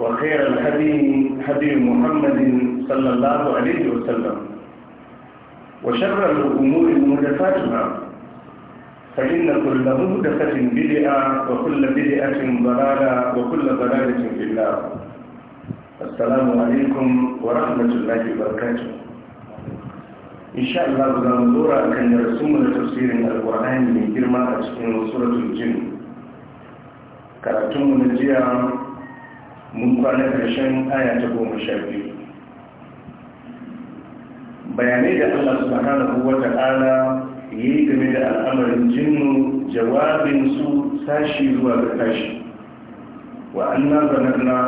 وخير الهدي هدي محمد صلى الله عليه وسلم وشر الأمور محدثاتها فإن كل محدثة بدعة وكل بدعة ضلالة وكل ضلالة في الله السلام عليكم ورحمة الله وبركاته إن شاء الله ننظر كان رسوم تفسير القرآن من جرمى أشكين سورة الجن كراتم نجيا mun kwanar ƙarshen aya ta goma sha biyu bayanai da allah subhanahu wa ta'ala ya yi game da al'amarin jinnu jawabinsu sashi zuwa ga tashi wa annan zanarna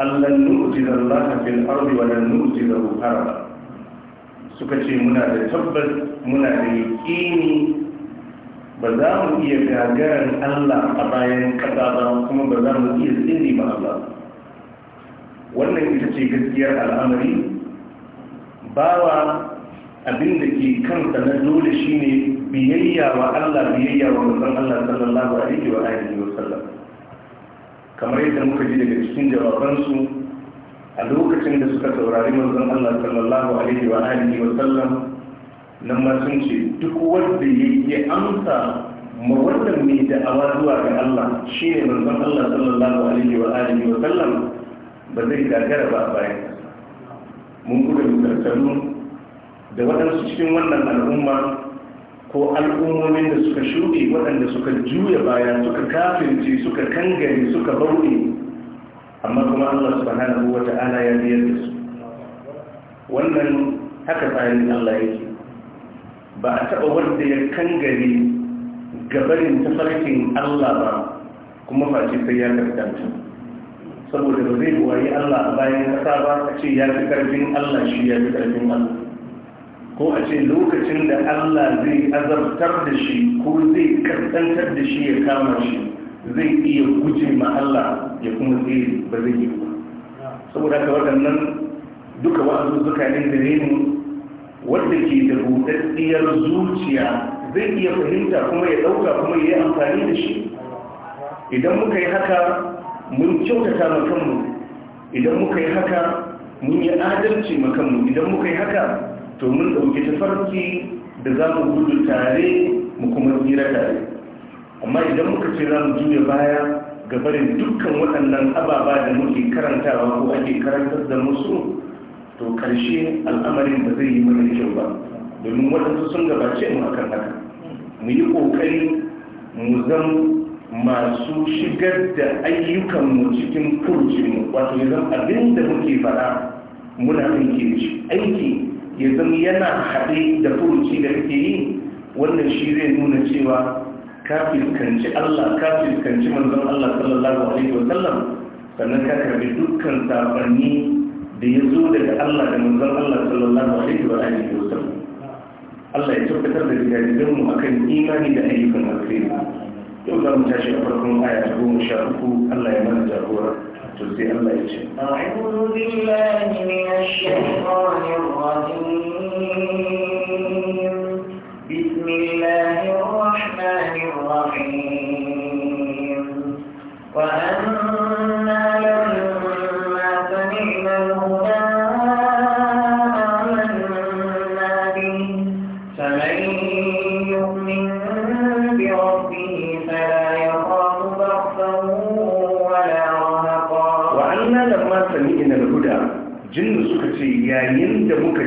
allan nu'jizar laha fil ardi wa lan nu'jizar haraba suka ce muna da tabbas muna da yaƙini ba za mu iya gagarin Allah a bayan ƙasa ba kuma ba za mu iya tsiri ba Allah wannan ita ce gaskiyar al'amari ba wa abin da ke kansa na dole shi ne biyayya wa Allah biyayya wa manzon Allah sallallahu alaihi wa alihi wa sallam kamar yadda muka ji daga cikin jawabansu a lokacin da suka saurari manzon Allah sallallahu alaihi wa alihi wa sallam nan ma sun ce duk wanda yake amsa ma wannan mai da'awa zuwa ga Allah shi ne manzon Allah sallallahu alaihi wa alihi wa sallam ba zai gagara ba a bayan mun gudu misaltalu da waɗansu cikin wannan al'umma ko al'ummomin da suka shuɗe waɗanda suka juya baya suka kafince suka kangare suka bauɗe amma kuma allah subhanahu wa ta'ala ya biyar da su wannan haka tsarin allah yake ba a taɓa wanda ya kangare gabarin tafarkin allah ba kuma face sai ya karkanta saboda ba zai wayi Allah bayan kasa ba a ce ya fi karfin Allah shi ya fi karfin Allah ko a ce lokacin da Allah zai azabtar da shi ko zai kaskantar da shi ya kama shi zai iya guje ma Allah ya kuma tsere ba zai yi ba saboda haka waɗannan duka wa'azuzzuka ne da ne wanda ke da buɗaɗɗiyar zuciya zai iya fahimta kuma ya ɗauka kuma ya yi amfani da shi idan muka yi haka mun kyautata ma kanmu idan muka yi haka mun yi adalci ma kanmu idan muka yi haka to mun ta tafarki da za mu gudu tare mu kuma tsira tare amma idan muka ce za mu juya baya ga barin dukkan waɗannan ababa da muke karantawa ko ake karantar da musu to ƙarshe al'amarin ba zai yi mana kyau ba domin waɗansu sun gabace mu akan haka mu yi ƙoƙari mu zama masu shigar da ayyukanmu cikin mu wato ya zama abin da muke fara muna aiki da shi aiki ya zama yana haɗe da kurji da muke yi wannan shi zai nuna cewa kafin kanci Allah kafin kanci manzon Allah sallallahu alaihi wa sallam. sannan ka karbi dukkan sabanni da ya zo daga Allah da manzon Allah sallallahu alaihi wa alihi Allah ya tabbatar da gidajen mu akan imani da ayyukan alkhairi yau za mu tashi a farkon aya ta goma sha uku Allah ya mana jagora to sai Allah ya ce أعوذ بالله من الشيطان الرجيم بسم الله الرحمن الرحيم وأن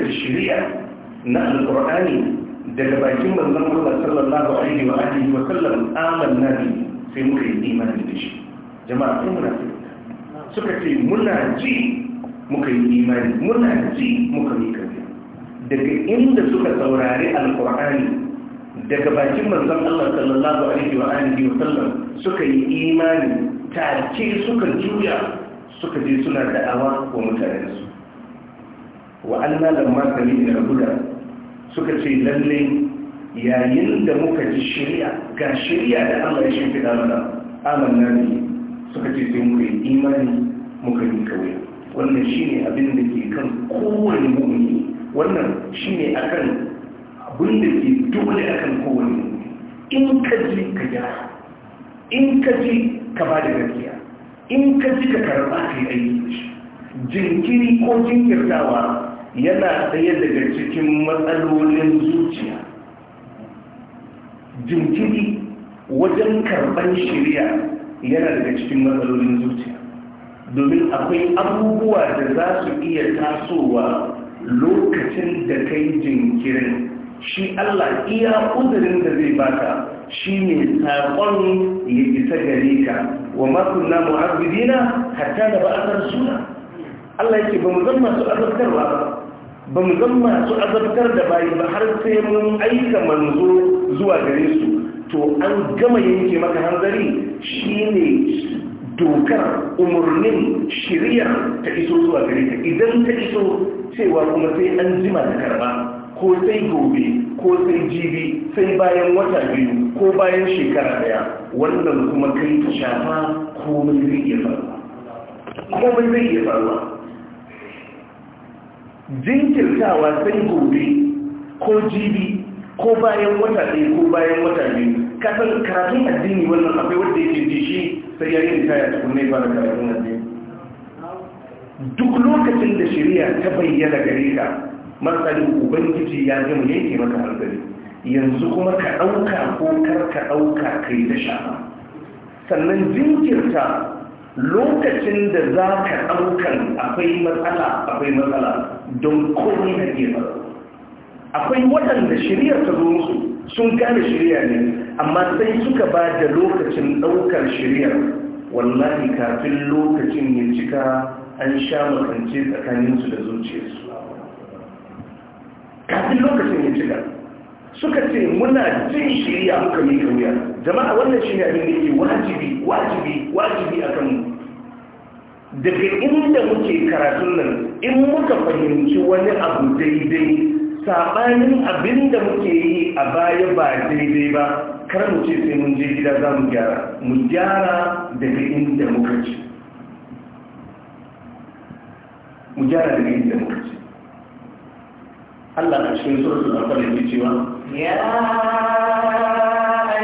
da shari'a na Alƙur'ani daga bakin manzon Allah sallallahu alaihi wa alihi wa sallam amanna bi sai muka yi imani da shi jama'a sun muna suka ce muna ji muka yi imani muna ji muka yi kafi daga inda suka saurari Alƙur'ani daga bakin manzon Allah sallallahu alaihi wa alihi wa sallam suka yi imani take suka juya suka je suna da'awa wa su wa anna lamma na huda suka ce lalle yayin da muka ji shirya ga shirya da Allah ya shimfida mana amanna ne suka ce sai muka yi imani muka yi kawai wannan shi ne abin da ke kan kowane mu'mini wannan shi a akan abin da ke dole akan kowane mu'mini in ka ji ka gyara in ka ji ka ba da gaskiya in ka ji ka karɓa ka yi aiki jinkiri ko jinkirtawa yana ɗaya daga cikin matsalolin zuciya jinkiri wajen karɓar shirya yana daga cikin matsalolin zuciya domin akwai abubuwa da za su iya tasowa lokacin da kai jinkirin shi Allah iya uzurin da zai baka shi ne saƙon ya isa gare ka wa makunna mu'abbidina hatta da ba'asar suna Allah yake ba mu zama su azabtarwa ba ba mu zan masu azabtar da bayi ba har sai mun aika manzo zuwa gare su to an gama yanke maka hanzari shine dokar umarnin shirya ta iso zuwa gare ta idan ta iso cewa kuma sai an jima ta karba ko sai gobe ko sai jibi sai bayan wata biyu ko bayan shekara daya wannan kuma kai ta shafa komai zai komai zai iya faruwa jinkirtawa sai gobe ko jibi ko bayan wata ɗaya ko bayan wata biyu kasar karatun addini wannan akwai wanda yake ji shi sai ya yi ritaya ne ba da karatun addini duk lokacin da shirya ta bayyana gare ka matsalin ubangiji ya gama yanke maka hankali yanzu kuma ka ɗauka ko kar ka ɗauka kai da shafa sannan jinkirta lokacin da za ka ɗaukan akwai matsala akwai matsala don komai na akwai waɗanda shirya ta zo musu sun gane shirya ne amma sai suka ba da lokacin ɗaukar shiryar wallahi kafin lokacin ya cika an sha makance tsakaninsu da zuciyarsu kafin lokacin ya cika suka ce muna jin shirya muka mika wuya jama'a wannan shi ne abin da yake wajibi wajibi wajibi a kanmu daga inda muke karatun nan in muka fahimci wani abu daidai saɓanin abin da muke yi a baya ba daidai ba kar mu ce sai mun je gida za mu gyara mu gyara daga inda muka ce mu gyara daga inda muka ce Allah a cikin suratul anfal yake cewa ya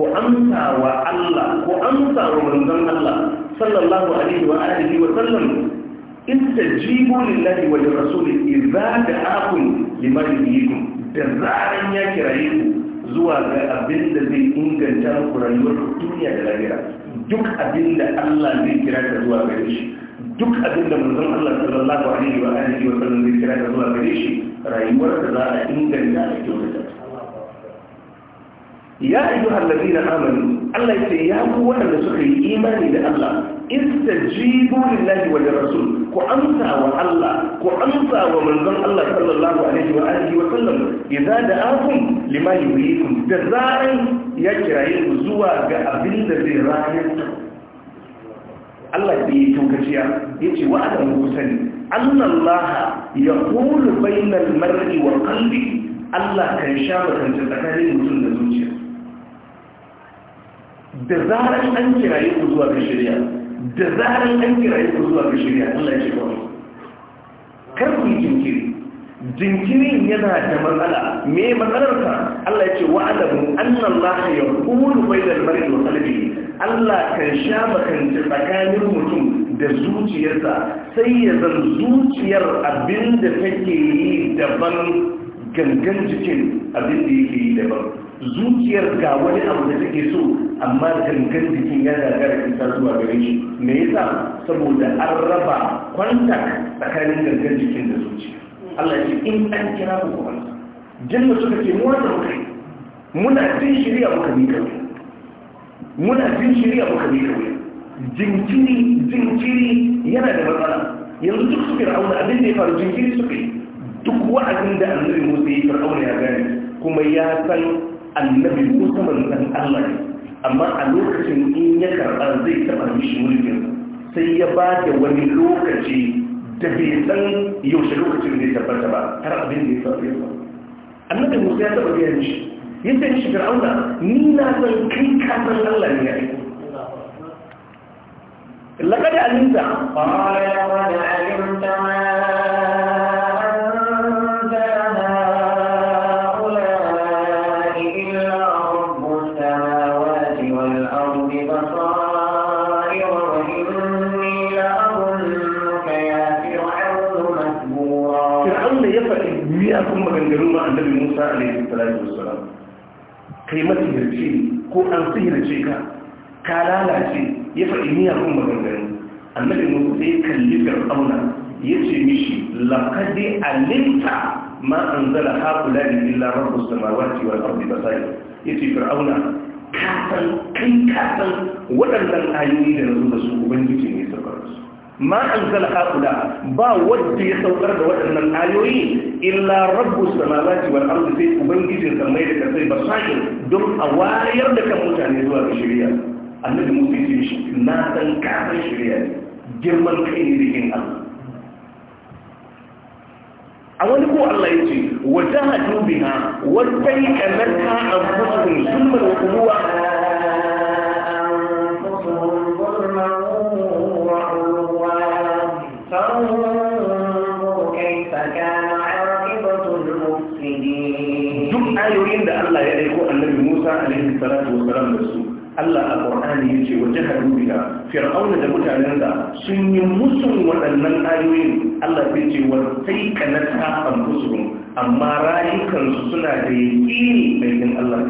ku amsa wa Allah ku amsa wa manzon Allah sallallahu alaihi wa alihi wa sallam istajibu lillahi wa lirrasuli idza da'akum liman yuhibbu da zaran ya kiraye zuwa ga abin da zai inganta muku rayuwar duniya da lahira duk abin da Allah zai kira ka zuwa gare shi duk abin da manzon Allah sallallahu alaihi wa alihi wa sallam zai kira ka zuwa gare shi rayuwar da za a inganta da kyautata ya ayyuhal ladina amanu Allah ya ce ya ku waɗanda suka yi imani da Allah istajibu lillahi wajen lirrasul ku amsa wa Allah ku amsa wa manzon Allah sallallahu alaihi wa alihi wa sallam ya za idza da'akum lima yuhyikum da zaran ya kiraye ku zuwa ga abin da zai rayar Allah bai yi ya ce wa adam ku sani annallaha yaqulu bainal mar'i wa qalbi Allah kan sha mutunta tsakanin mutum da zuciya da zarar an kiraye ku zuwa ga shirya da zarar an kiraye ku zuwa ga shirya Allah ya ce ba kar ku yi jinkiri jinkirin yana da matsala me matsalarsa Allah ya ce wa adamu annan lafi ya kuru bai da mari wa qalbi Allah kan sha makanci tsakanin mutum da zuciyarsa sai ya zan zuciyar abin da take yi daban gangan jikin abin da yake yi daban zuciyar ga wani abu da take so amma gangan jikin ya gagara isa zuwa gare shi me yasa saboda an raba kwanta tsakanin gangan jikin da zuciya Allah ya ce in an kira ku ku kwanta janna suka ce mu wannan kai muna jin shirya muka mika muna jin shirya muka mika jinkiri jinkiri yana da matsala yanzu duk su fir'auna abin da ya faru jinkiri suka yi duk wa'azin da annabi musa yi fir'auna ya gane kuma ya san annabi musa manzan allah ne amma a lokacin in ya karɓa zai taɓa mishi mulkin sai ya ba da wani lokaci da bai san yaushe lokacin da ya tabbata ba har abin da ya faru ya annabi musa ya taɓa gaya mishi ya ce mishi fir'auna ni na san kai ka san allah ne ya aiko لقد علمت قال لقد علمت ما ko an sihirce ka ka lalace ya faɗi miyakun maganganu annabi ku sai kalli fir'auna ya ce mishi a alimta ma an zala haƙula da illa rabbu samawati wal ardi basari ya ce fir'auna san kai san waɗannan ayoyi da na zo da su ubangiji ne ma anzala haula ba wadda ya saukar da waɗannan ayoyi illa rabbus samawati wal ardi sai ubangiji sammai da kasai ba. basair don a wayar da kan mutane zuwa ga shari'a annabi musa ya ce na san kafin shirya girman kai ne da yin Allah a wani ko Allah ya ce wa jahadu biha wa tayyana ka anfusuhum zulman wa quluwa salatu wasalam da su Allah a Qur'ani yace wa jahadu biha fir'auna da mutanensa sun yi musun waɗannan ayoyin Allah bai ce wa taikanata anfusuhum amma rayukansu suna da yaqini bayin Allah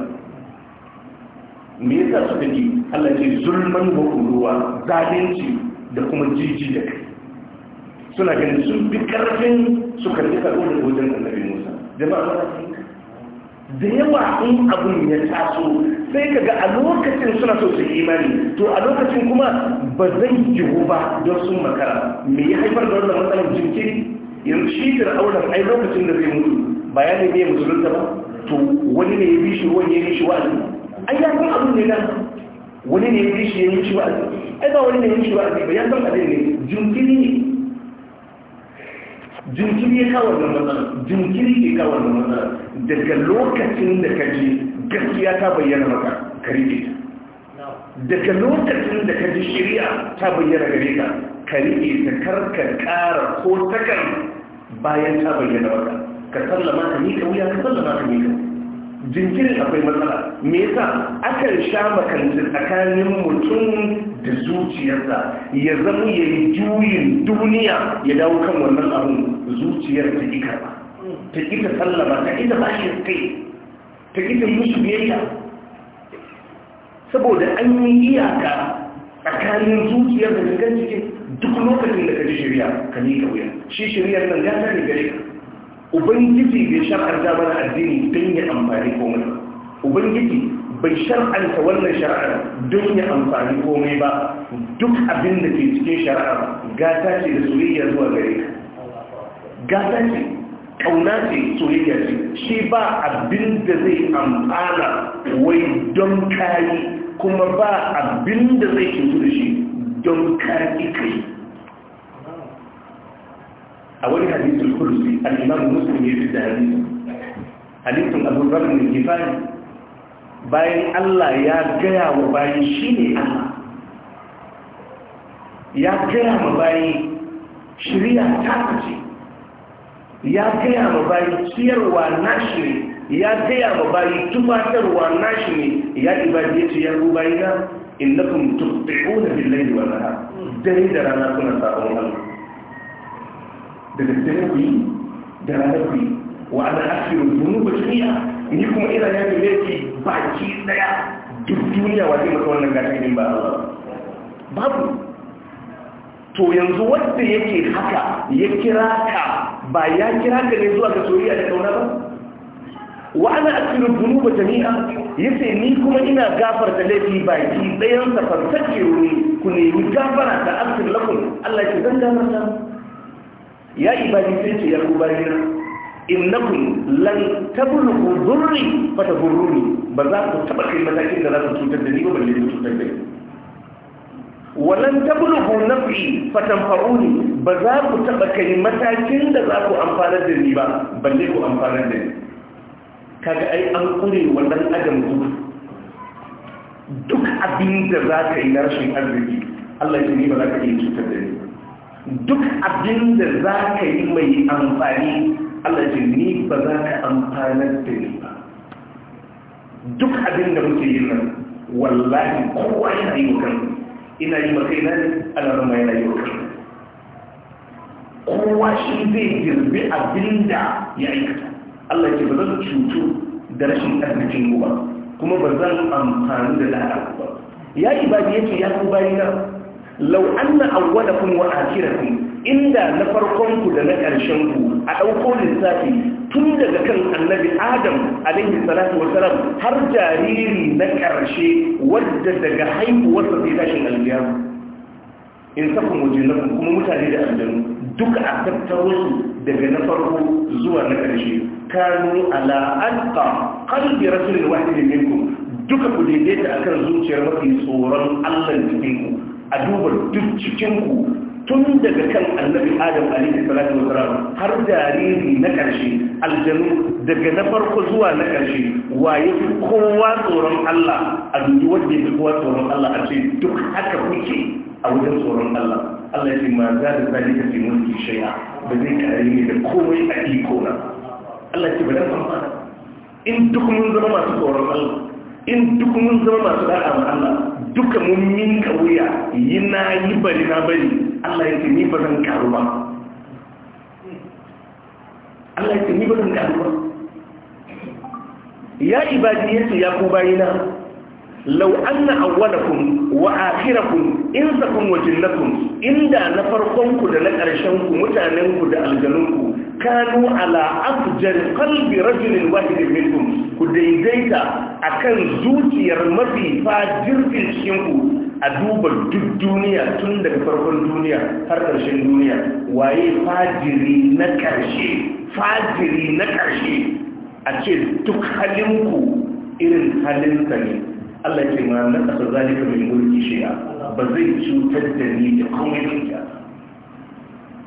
me yasa suka ji Allah ce zulman wa kuruwa zalunci da kuma jiji da kai suna ganin sun bi karfin su karbi karbo da wajen annabi Musa jama'a ba ta da yawa in abin ya taso sai ka ga a lokacin suna so su imani to a lokacin kuma ba zai yiwu ba don sun makara me ya haifar da wannan matsalar jinkiri yanzu shi da fir'aunan ai lokacin da zai mutu ba ya nemi musulunta ba to wani ne ya bi shi wani ya bi shi wa'azi ai ya san abin ne nan wani ne ya bi shi ya yi shi wa'azi ai ba wani ne ya yi shi wa'azi ba ya san abin ne jinkiri ne jinkiri ya kawo da matsala jinkiri ke kawo da matsala daga lokacin da ka ji gaskiya ta bayyana maka ka riƙe ta daga lokacin da ka ji shirya ta bayyana gare ka ka ta karka ƙara ko takar bayan ta bayyana maka ka sallama ka miƙa wuya ka sallama ka miƙa jinkirin akwai matsala me yasa akan sha makanci tsakanin mutum da zuciyarsa ya zama ya yi juyin duniya ya dawo kan wannan abin zuciyar ta ƙi karɓa ta ƙi ta sallama ta ƙi ta shi kai ta ƙi ta musu biyayya saboda an yi iyaka tsakanin zuciyar da gangan cikin duk lokacin da ka ji shirya ka miƙa wuya shi shiryar nan ya tare gare ka ubangiji bai shar'ar mana addini don ya amfani komai ubangiji bai shar'anta wannan shari'ar don ya amfani komai ba duk abin da ke cikin shari'ar gata ce da soyayya zuwa gare ka gata ce kauna ce soyayya ce shi ba abin da zai amfana wai don kayi kuma ba abin da zai cutu da shi don kayi kai a wani hadisul kursi al-imam muslim ya fi da hadisin hadisin abu bakr al-kifani bayan Allah ya gaya wa bayi shi ne Allah ya gaya ma bayi shirya ta ce ya gaya ma bayi ciyarwa na shiri ya gaya ma bayi tumatarwa na shiri ya ibadi ya ce ya ruba yi na innakun tuɓi'una billahi wa nahar dare da rana suna sabon Allah da daddare ku yi da rana ku yi wa ana asirin zunuba jami'a ni kuma ina ya ne baki daya duk duniya wa zai wannan gatanin ba babu to yanzu wanda yake haka ya kira ka ba ya kira ka ne zuwa ga soyayya da kauna ba wa ana asirin zunuba jami'a yace ni kuma ina gafarta laifi baki dayan sa farsace ruwi ku ni gafara ta asir lakum Allah ya zanga mata ya ibadi sai ce ya kubarina innakum lan tablughu dhurri fa tadurruni ba za ku taba kai matakin da za ku cutar da ni ba balle ku cutar da ni wa lan tablughu naf'i fa tanfa'uni ba za ku taba kai matakin da za ku amfana da ni ba balle ku amfana da ni kaga ai an kure wannan dan adam duk abin da za ka yi na rashin arziki Allah ya ni ba za ka iya cutar da ni duk abin da za ka yi mai amfani Allah ce ni ba za ka amfanar da ni ba duk abin da muke yi nan wallahi kowa yana yi wa kan ina yi wa kai nan ma yana yi wa kan kowa shi zai girbe abin da ya aikata Allah ce ba zan cutu da rashin arzikin ba kuma ba zan amfani da lada ba ya ibadi yake ya ku bayi na lau anna awwalakum wa akhirakum inda na farkon ku da na ƙarshen ku a ɗauko lissafi tun daga kan annabi adam alaihi salatu Salam har jariri na ƙarshe wadda daga haihuwarsa zai tashin aljiyama in waje na kuma mutane da aljanu duk a tattaro su daga na farko zuwa na ƙarshe kanu ala alqa qalbi wahidin minku duka ku daidaita akan zuciyar mafi tsoron Allah cikinku a duba duk cikinku. tun daga kan annabi adam alaihi salatu wasalam har jariri na karshe aljanu daga na farko zuwa na karshe waye kowa tsoron Allah a duniya wanda ya kowa tsoron Allah a ce duk haka kuke a wajen tsoron Allah Allah ya ce ma za da zalika fi mulki shay'a ba zai kare ne da komai a iko na Allah ya ce ba dan amfana in duk mun zama masu tsoron Allah in duk mun zama masu da'a ma Allah duka mun minka wuya yi na yi bari na bari Allah ya ce ni ba zan karu ba Allah ya ce ni ba zan karu ba ya ibadi yake ya ku bayina lau anna awwalakum wa akhirakum insakum wa jinnakum inda na farkonku da na ƙarshen ku ku da aljanun kanu ala afjar qalbi rajulin wahid minkum ku daidaita a kan zuciyar mafi fajirfin a duba duk duniya tun daga farkon duniya har ƙarshen duniya waye fajiri na ƙarshe fajiri na ƙarshe a ce duk halinku irin halinsa ne Allah ke ma na kasa zalika mai mulki shi'a ba zai cutar da ni da komai dukiya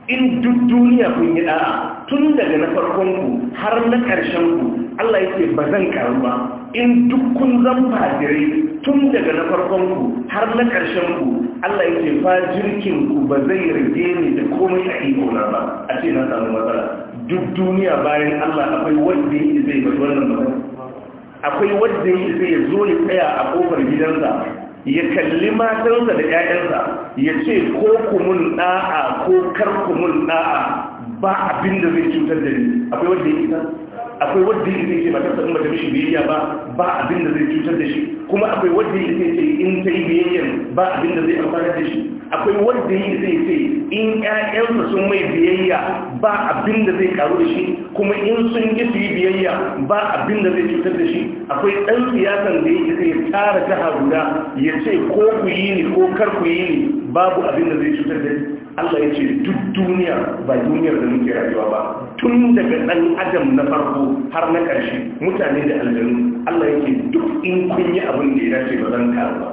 in duk duniya kun yi da'a tun daga na farkon ku har na ƙarshen ku Allah yake ba zan karu ba in duk kun zan fadire tun daga na farkon ku har na ƙarshen ku Allah yake fajirkin ku ba zai rage ni da komai a iko na ba a ce na samu matsala duk duniya bayan Allah akwai wanda yake zai bar wannan ba akwai wanda ya zo ya tsaya a kofar gidansa ya kalli matansa da 'ya'yansa ya ce ko kumun da'a ko kar kumun da'a ba abin da zai cutar da ni akwai wanda ya isa akwai wanda ya ce ba ta in bata mishi biyayya ba ba abin da zai cutar da shi kuma akwai wanda ya ce in ta yi biyayyan ba abin da zai amfana da shi akwai wanda yi zai ce in ƴaƴansa sun mai biyayya ba abin da zai karu da shi kuma in sun yi su yi biyayya ba abin da zai cutar da shi akwai ɗan siyasan da yake sai tara ta guda ya ce ko ku yi ni ko kar ku yi ni babu abin da zai cutar da shi Allah ya ce duk duniya ba duniyar da muke rayuwa ba tun daga ɗan adam na farko har na ƙarshe mutane da aljanu Allah ya ce duk in kun yi abin da ya dace ba zan karu ba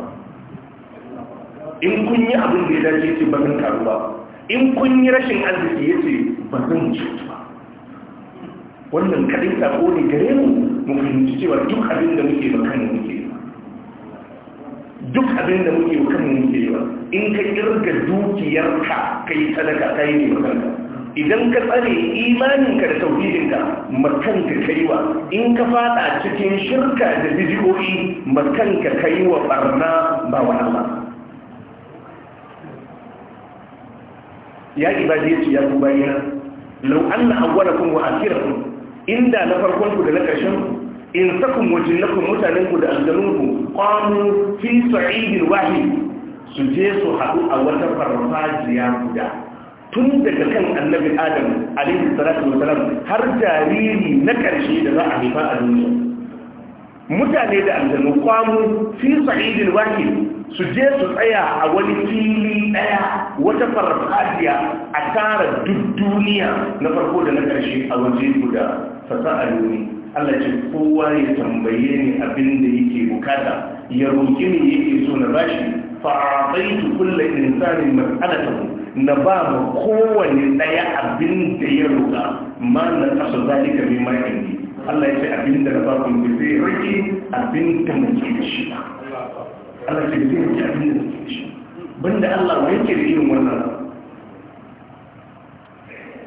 in kun yi abin da ya dace ce ba zan karu ba in kun yi rashin arziki ya ce ba zan cutu ba wannan kaɗai sako ne gare mu mu fahimci cewa duk abin da muke ba kan muke duk abin da muke kan muke ba in ka kirga dukiyarka kai sadaka kai ne kanka idan ka tsare imaninka da tauhidinka ka kaiwa in ka fada cikin shirka da bidiyoyi ka kaiwa barna ba wani ba ya ibadi yace ya ku bayyana law anna awwalakum wa akhirakum inda na farkon ku da na karshen ku in sakum wajinnakum mutanen ku da aljanunku qamu fi sa'idin wahid su je su haɗu a wata farfajiya guda tun daga kan annabi adam alaihi salatu wasalam har jariri na ƙarshe da za a haifa a duniya mutane da aljanu kwamu fi sa'idin wahid su je su tsaya a wani fili ɗaya wata farfajiya a tara duk duniya na farko da na ƙarshe a waje guda a ne Allah ce kowa ya tambaye ni abin da yake bukata ya roƙi ne yake so na bashi fa'ataitu kullu insanin mas'alatahu na ba mu kowane ɗaya abin da ya roƙa ma na kasu zalika mai ma'aiki Allah ya ce abin da na ba ku sai rike abin da ke da shi ba Allah ke zai da shi banda Allah yake da irin wannan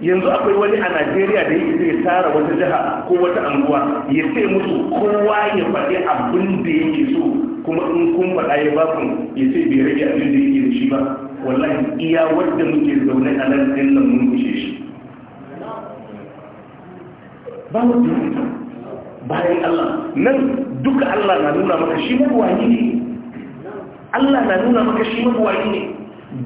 yanzu akwai wani a Najeriya da yake zai tara wata jiha ko wata anguwa ya sai musu kowa ya faɗi abin da yake so kuma in kun faɗa ya ba ku ya sai bai rage abin da yake da shi ba wallahi iya wadda muke zaune a nan ɗin nan mun kushe shi ba mu bayan Allah nan duka Allah na nuna maka shi wani ne Allah na nuna maka shi mabuwayi ne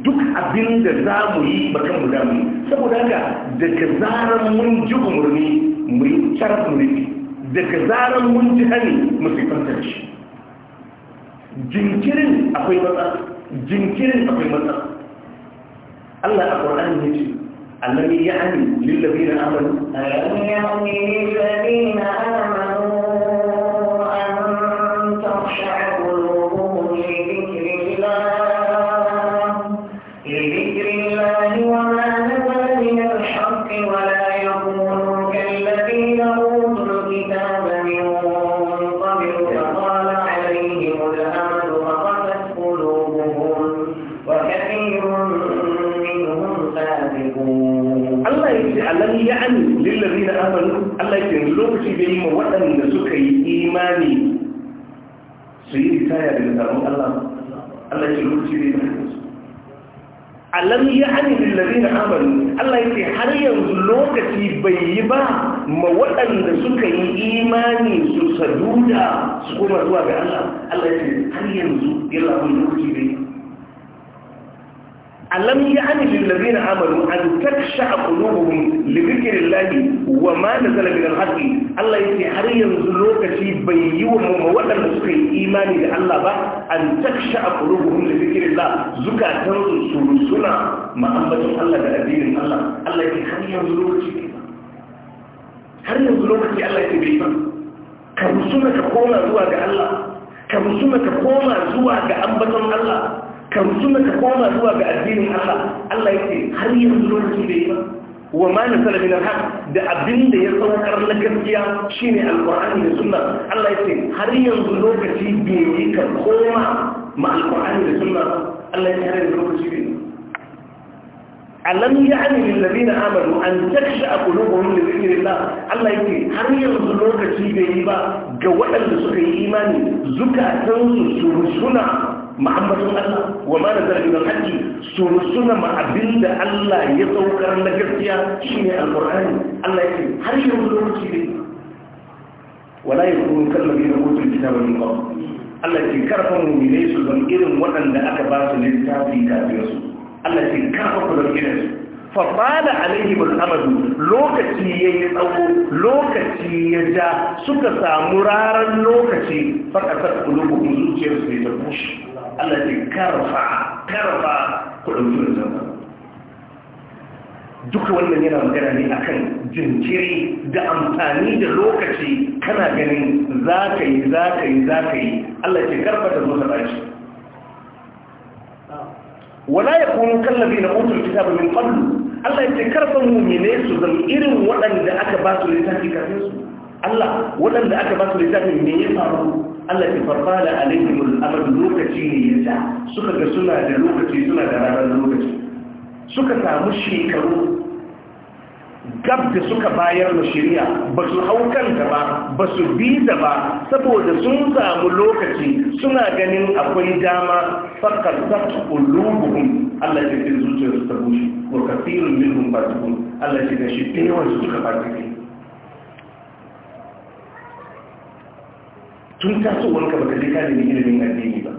duk abin da za mu yi ba kan mu damu saboda haka daga zarar mun ji umarni mu yi tarafin rufi daga zarar mun ji hani mu sifantar shi jinkirin akwai matsa jinkirin akwai matsa Allah a Qur'ani yace alam ya'ni lil ladina amanu alam ya'ni ladina amanu taron Allah Allah ya rubuce ne alam ya ani lillazina amanu Allah ya ce har yanzu lokaci bai yi ba ma waɗanda suka yi imani su saduda su koma zuwa ga Allah Allah ya yace har yanzu yana mun lokaci bai alam ya ani lillazina amanu an taksha qulubuhum li dhikrillahi wa ma nazala min al Allah ya ce har yanzu lokaci bai yi wa mu waɗanda suka yi imani da Allah ba an taksha a kurubuhum da zikirillah zukatan su suna ma'ambatin Allah da addinin Allah Allah yake har yanzu lokaci har yanzu lokaci Allah ya ce bai ba ka rusuna ka koma zuwa ga Allah ka rusuna ka koma zuwa ga ambaton Allah ka rusuna ka koma zuwa ga addinin Allah Allah ya ce har yanzu lokaci bai ba wa ma nasala min al-haq da abin da ya saukar na gaskiya shine alqur'ani da suna Allah ya ce har yanzu lokaci bai yi ka koma ma alqur'ani da suna Allah ya ce har yanzu lokaci bai alam ya'ni lil na amanu an takhsha qulubuhum li dhikrillah Allah ya ce har yanzu lokaci bai yi ba ga waɗanda suka yi imani zukatansu su rusuna muhammadun Allah wa ma nazara min al-haqqi sursuna ma abinda Allah ya saukar na gaskiya shine al-Qur'ani Allah yake har yanzu lokaci ne wala yakunu kalladhina utul kitaba min qabl Allah ke karfa mu'minai su zan irin waɗanda aka ba su littafi kafin su Allah ke karfa ku zan irin su Fa fafada alaihi amadu lokaci ya yi tsawo lokaci ya ja suka samu raran lokaci fakasar kulubukun zuciyarsu ne ta bushe Allah ce karfa karfa ku ɗauki da zama duka wannan yana magana ne akan jinkiri da amfani da lokaci kana ganin za ka yi za ka yi za ka yi Allah ce karfa ta zo ta bashi wala ya kunu kallabi na utul kitabu min qablu Allah ya ce karfa mu ne su zama irin waɗanda aka ba su littafi kafin su Allah waɗanda aka ba su littafin ne ya faru Allah ya farfala alaihim al'amad lokaci ne ya sa suka ga suna da lokaci suna da ranar lokaci suka samu shekaru gab da suka bayar da shari'a ba su hau kanta ba ba su bi da ba saboda sun samu lokaci suna ganin akwai dama fakar zafta ƙulubuhun Allah ya fi zuciyar su ta bushe wa kafirun minhum ba tukun Allah ya fi da shi ɗaya wasu suka ba ta kai tun tasowar ka baka je ka nemi ilimin addini ba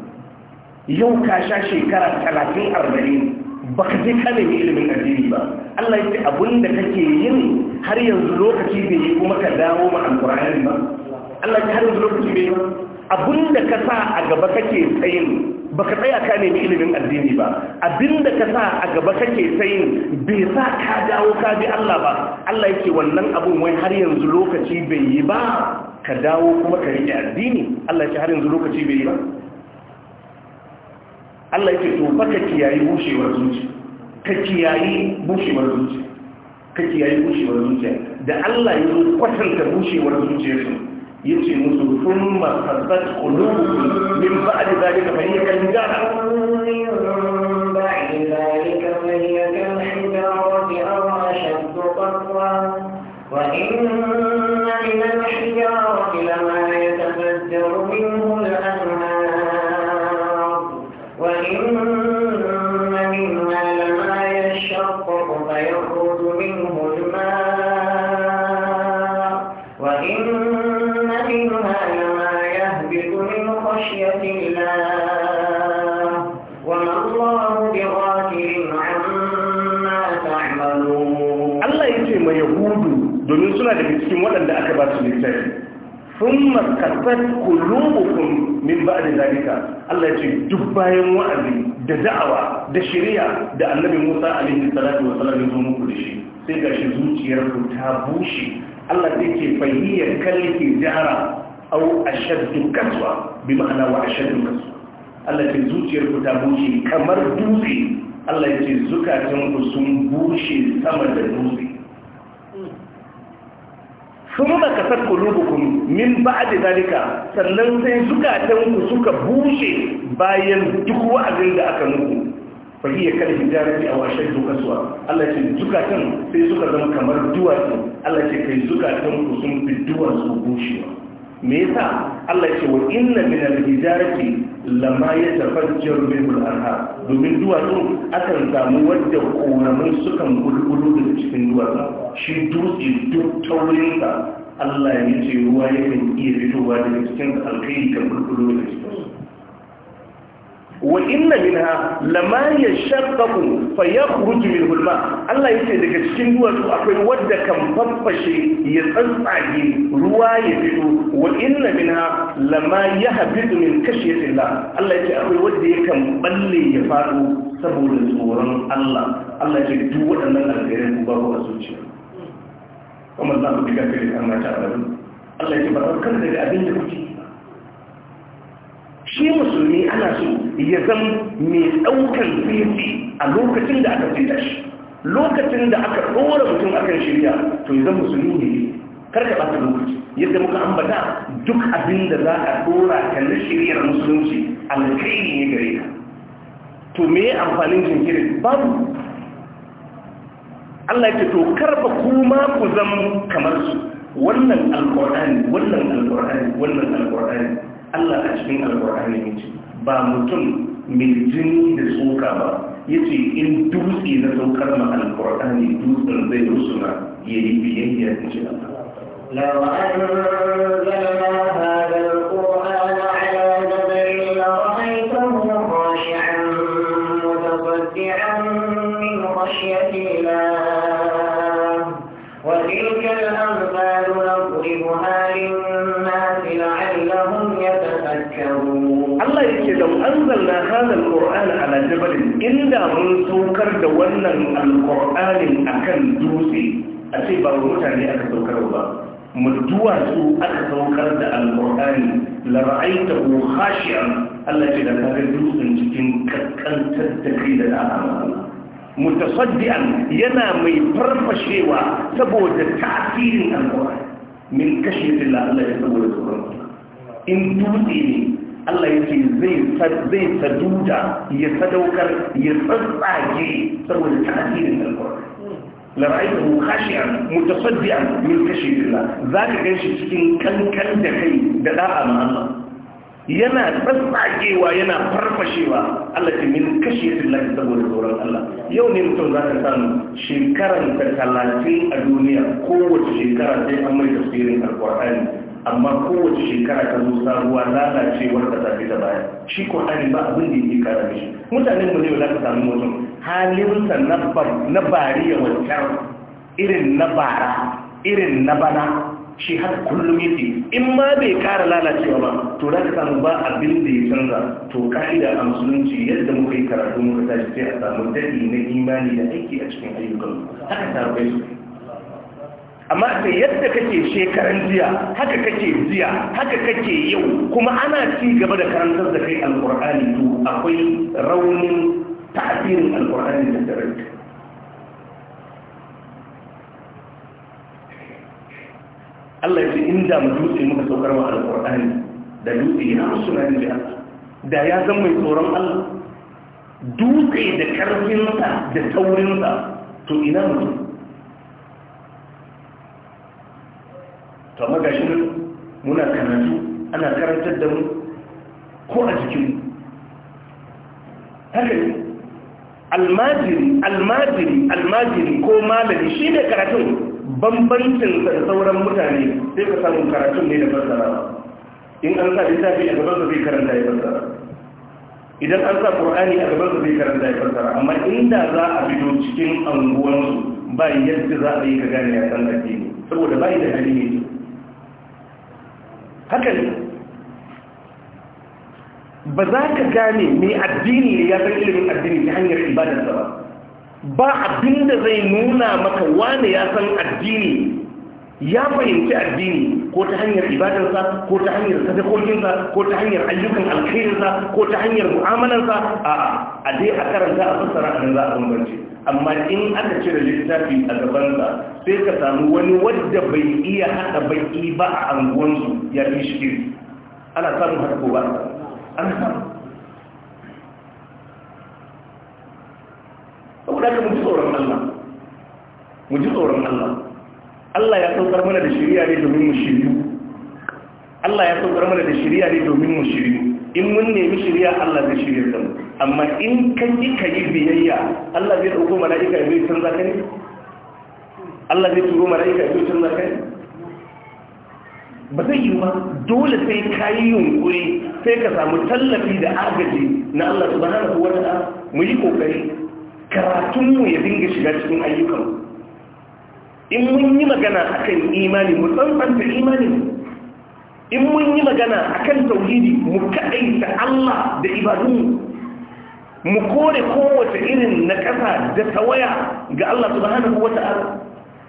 yau ka sha shekara talatin arba'in baka je ka nemi ilimin addini ba Allah ya ce abin da kake yin har yanzu lokaci bai yi kuma ka dawo ma alƙur'ani ba Allah ya ce har yanzu lokaci bai yi abin da ka sa a gaba kake tsayin baka tsaya ka nemi ilimin addini ba abinda ka sa a gaba kake tsayin, bai sa ka dawo ka bi Allah ba Allah ya yake wannan abun wai har yanzu lokaci bai yi ba ka dawo kuma ka riƙe addini Allah ya ce har yanzu lokaci bai yi ba Allah ya ce to fa ka kiyayi bushewar zuci ka kiyayi bushewar zuci ka kiyayi bushewar zuci da Allah ya zo kwatanta bushewar zuciyarsu ya ce musu sun fasad kulubu min ba'ad zalika fa hiya kal jahannam sun makasar kulubukum min ba da zalika Allah ce duk bayan wa'azi da da'awa da shari'a da annabi Musa alaihi salatu wa salam ya zo muku da shi sai ga shi zuciyar ku ta bushe Allah sai ke fayyiyar kalli jahara aw ashaddu kaswa bi ma'ana wa ashaddu kaswa Allah ce zuciyar ku ta bushe kamar dutse Allah ya ce zukatan ku sun bushe sama da dutse sun maka sakku lubukun min ba'adi zalika sannan sai zukatanku suka bushe bayan duk wa'azin da aka muku fahiyar kan jarabi a washen dukasuwa Allah ce zukatan sai suka zama kamar duwatsu Allah ce kai zukatanku sun fi duwatsu bushewa me yasa Allah ce wa inna min al-hijarati lama yatafajjaru minhu al-anhar domin duwatsu akan samu wanda koramun sukan gulgulu daga cikin duwatsu shi dutse duk taurinsa Allah ya ce ruwa yakan iya fitowa daga cikin alkhairi kan gulgulu daga cikin wa inna minha lama yashaqqaqu fa yakhruju minhu al-ma Allah yace daga cikin duwatsu akwai wadda kan faffashe ya tsantsage ruwa ya fito wa inna minha lama yahbitu min khashyatillah Allah yace akwai wadda yakan balle ya faɗo saboda tsoron Allah Allah yace duk waɗannan alkhairai ba ku a zuciya kuma za ku bi da amma ta Allah yace ba kan daga abin da kuke shi musulmi ana so ya zama mai ɗaukar fiti a lokacin da aka fita shi lokacin da aka ɗora mutum akan shirya to ya zama musulmi ne karka ta lokaci yadda muka ambata duk abin da za a ɗora ta na shiryar musulunci alkhairi ne gare ka to me amfanin jinkirin babu Allah ke to karfa kuma ku zama kamar su wannan alkur'ani wannan alkur'ani wannan alkur'ani Allah a cikin alkur'ani ya ce ba mutum mai jini da tsoka ba ya ce in dutse na saukar ma Alƙur'ani dutsen zai rusuna ya yi biyayya da ce لو أنزلنا هذا القرآن على جبل لرأيته خاشعا متصدعا من خشية الله وتلك lau na zanna hannun ƙor'an a inda mun saukar da wannan alƙor'anin a kan dutse a ce ba mutane aka saukar ba mutuwa su aka saukar da alƙor'ani lara'ai ta buhashiyar allah ce da kagar dutsen cikin kankantar da kai da na'amu mutasaddiyar yana mai farfashewa saboda tasirin alƙor'ani min kashe fila allah ya saboda tsoron in dutse ne Allah yake zai saduda ya sadaukar ya tsatsage saboda tasirin alƙur'ani lara'aitahu khashi'an mutasaddian min khashyatillah zaka ganshi cikin kankan da kai da da'a ma Allah yana tsatsakewa yana farfashewa Allah ce min khashyatillah saboda tsoron Allah yau ne mutum ka samu shekaran ta talatin a duniya kowace shekara sai an mai tafsirin amma kowace shekara ta zo sabuwa lalacewar ta fi da baya shi ko hali ba abin da yake kara shi mutanen mu ne ba za ka samu mutum halinsa na bari ya wancan irin na bara irin na bana shi har kullum yake in ma bai kara lalacewa ba to za ka samu ba abin da ya canza to ka'ida a musulunci yadda muka yi karatu muka tashi sai a samu daɗi na imani da aiki a cikin ayyukan haka tarbai su amma sai yadda kake shekaran jiya haka kake jiya haka kake yau kuma ana ci gaba da karantar da kai alkur'ani to akwai raunin ta'asirin alkur'ani da daraja Allah ya ce inda mu dutse muka saukar wa alkur'ani da dutse ya suna jiya da ya zama mai tsoron Allah dutse da karfinsa da taurinsa to ina mutum to amma gashi muna karatu ana karantar da mu ko a jikinmu. haka almajiri almajiri almajiri ko malami shi ne karatun bambancin da sauran mutane sai ka samu karatun ne da fassara in an sa littafi a gaban zai karanta ya fassara idan an sa qur'ani a gaban zai karanta ya fassara amma inda za a fito cikin anguwansu ba yadda za a yi ka gane ya san addini saboda ba da hali ne haka ne ba za ka gane mai addini ya san ilimin addini ta hanyar ibadarsa ba ba abinda zai nuna maka wane ya san addini ya fahimci addini ko ta hanyar ibadarsa ko ta hanyar sadakokinsa ko ta hanyar ayyukan alkhairinsa ko ta hanyar mu'amalarsa a a dai a karanta a fassara a za a bambance amma in aka cire littafi a gabansa sai ka samu wani wadda bai iya haɗa baki ba a anguwansu ya fi shi ana samun haka ba ana samu saboda ka muji tsoron Allah muji tsoron Allah Allah ya saukar mana da shirya ne domin mu shiryu Allah ya saukar mana da shirya ne domin mu shiryu in mun nemi shirya Allah zai shirya da mu amma in ka yi ka yi biyayya Allah zai dauko mala'ika zai canza kai Allah zai turo mala'ika zai canza kai ba zai yi ba dole sai ka yi yunkuri sai ka samu tallafi da agaji na Allah subhanahu wa ta'ala mu yi kokari karatun mu ya dinga shiga cikin ayyukan in mun yi magana akan imani mu tsantsanta imani? mu in mun yi magana akan tauhidi mu kaɗaita Allah da ibadunmu mu kore kowace irin na ƙasa da tawaya ga Allah subhanahu